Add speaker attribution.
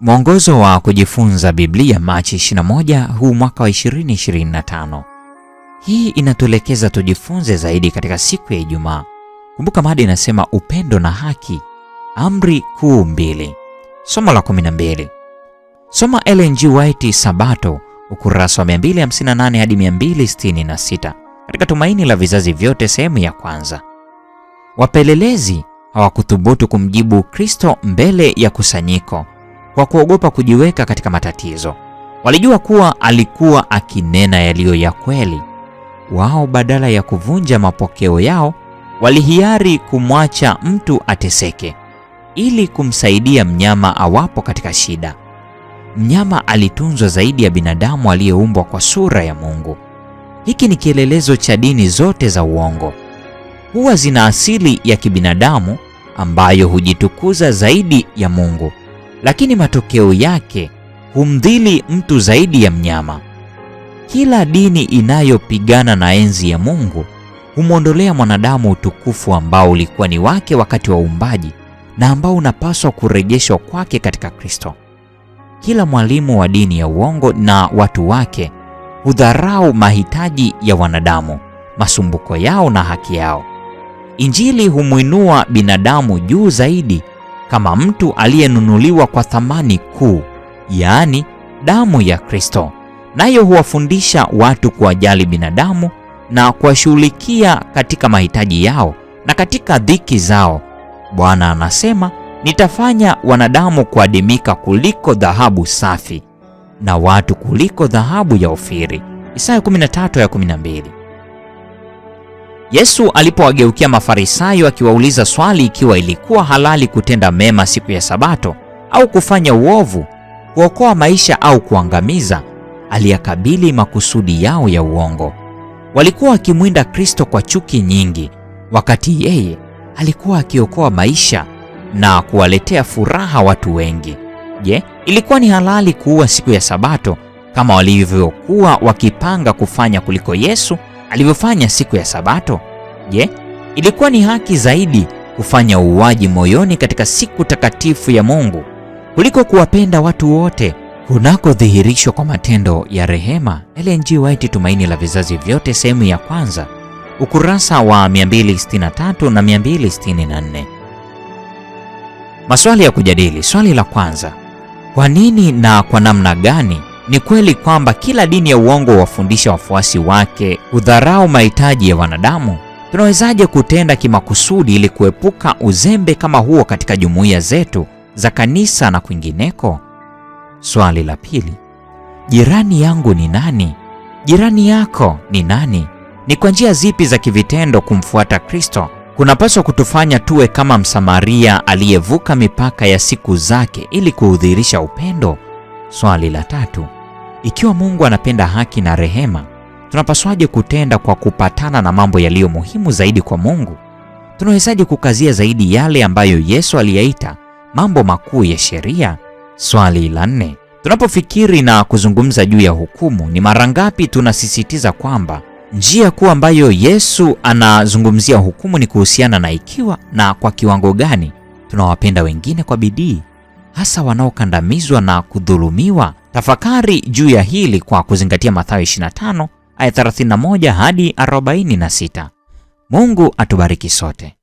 Speaker 1: Mwongozo wa kujifunza Biblia Machi 21 huu mwaka wa 2025. Hii inatuelekeza tujifunze zaidi katika siku ya Ijumaa. Kumbuka mada inasema upendo na haki, amri kuu mbili. Somo la 12. Soma Ellen G. White Sabato ukurasa wa 258 hadi 266 katika Tumaini la Vizazi Vyote sehemu ya kwanza. Wapelelezi hawakuthubutu kumjibu Kristo mbele ya kusanyiko kwa kuogopa kujiweka katika matatizo. Walijua kuwa alikuwa akinena yaliyo ya kweli. Wao badala ya kuvunja mapokeo yao, walihiari kumwacha mtu ateseke ili kumsaidia mnyama awapo katika shida. Mnyama alitunzwa zaidi ya binadamu aliyeumbwa kwa sura ya Mungu. Hiki ni kielelezo cha dini zote za uongo. Huwa zina asili ya kibinadamu ambayo hujitukuza zaidi ya Mungu lakini matokeo yake humdhili mtu zaidi ya mnyama. Kila dini inayopigana na enzi ya Mungu humwondolea mwanadamu utukufu ambao ulikuwa ni wake wakati wa uumbaji na ambao unapaswa kurejeshwa kwake katika Kristo. Kila mwalimu wa dini ya uongo na watu wake hudharau mahitaji ya wanadamu, masumbuko yao na haki yao. Injili humwinua binadamu juu zaidi kama mtu aliyenunuliwa kwa thamani kuu, yaani damu ya Kristo, nayo huwafundisha watu kuwajali binadamu na kuwashughulikia katika mahitaji yao na katika dhiki zao. Bwana anasema, nitafanya wanadamu kuadimika kuliko dhahabu safi na watu kuliko dhahabu ya Ofiri. Isaya 13 ya 12. Yesu alipowageukia Mafarisayo akiwauliza swali ikiwa ilikuwa halali kutenda mema siku ya Sabato au kufanya uovu, kuokoa maisha au kuangamiza, aliyakabili makusudi yao ya uongo. Walikuwa wakimwinda Kristo kwa chuki nyingi, wakati yeye alikuwa akiokoa maisha na kuwaletea furaha watu wengi. Je, ilikuwa ni halali kuua siku ya Sabato kama walivyokuwa wakipanga kufanya kuliko Yesu alivyofanya siku ya Sabato? Je, ilikuwa ni haki zaidi kufanya uuaji moyoni katika siku takatifu ya Mungu kuliko kuwapenda watu wote kunakodhihirishwa kwa matendo ya rehema? Ellen G. White, Tumaini la Vizazi Vyote, sehemu ya kwanza, ukurasa wa 263 na 264.
Speaker 2: Maswali ya kujadili. Swali la kwanza: kwa nini na kwa namna gani ni kweli kwamba kila dini ya uongo huwafundisha wafuasi wake kudharau mahitaji ya wanadamu. Tunawezaje kutenda kimakusudi ili kuepuka uzembe kama huo katika jumuiya zetu za kanisa na kwingineko? Swali la pili, jirani yangu ni nani? Jirani yako ni nani? Ni kwa njia zipi za kivitendo kumfuata Kristo kunapaswa kutufanya tuwe kama Msamaria aliyevuka mipaka ya siku zake ili kuudhihirisha upendo? Swali la tatu ikiwa Mungu anapenda haki na rehema, tunapaswaje kutenda kwa kupatana na mambo yaliyo muhimu zaidi kwa Mungu? Tunawezaje kukazia zaidi yale ambayo Yesu aliyaita mambo makuu ya sheria? Swali la nne. Tunapofikiri na kuzungumza juu ya hukumu, ni mara ngapi tunasisitiza kwamba njia kuu ambayo Yesu anazungumzia hukumu ni kuhusiana na ikiwa na kwa kiwango gani tunawapenda wengine kwa bidii, hasa wanaokandamizwa na kudhulumiwa Tafakari juu ya hili kwa kuzingatia Mathayo 25 aya 31 hadi 46. Mungu atubariki sote.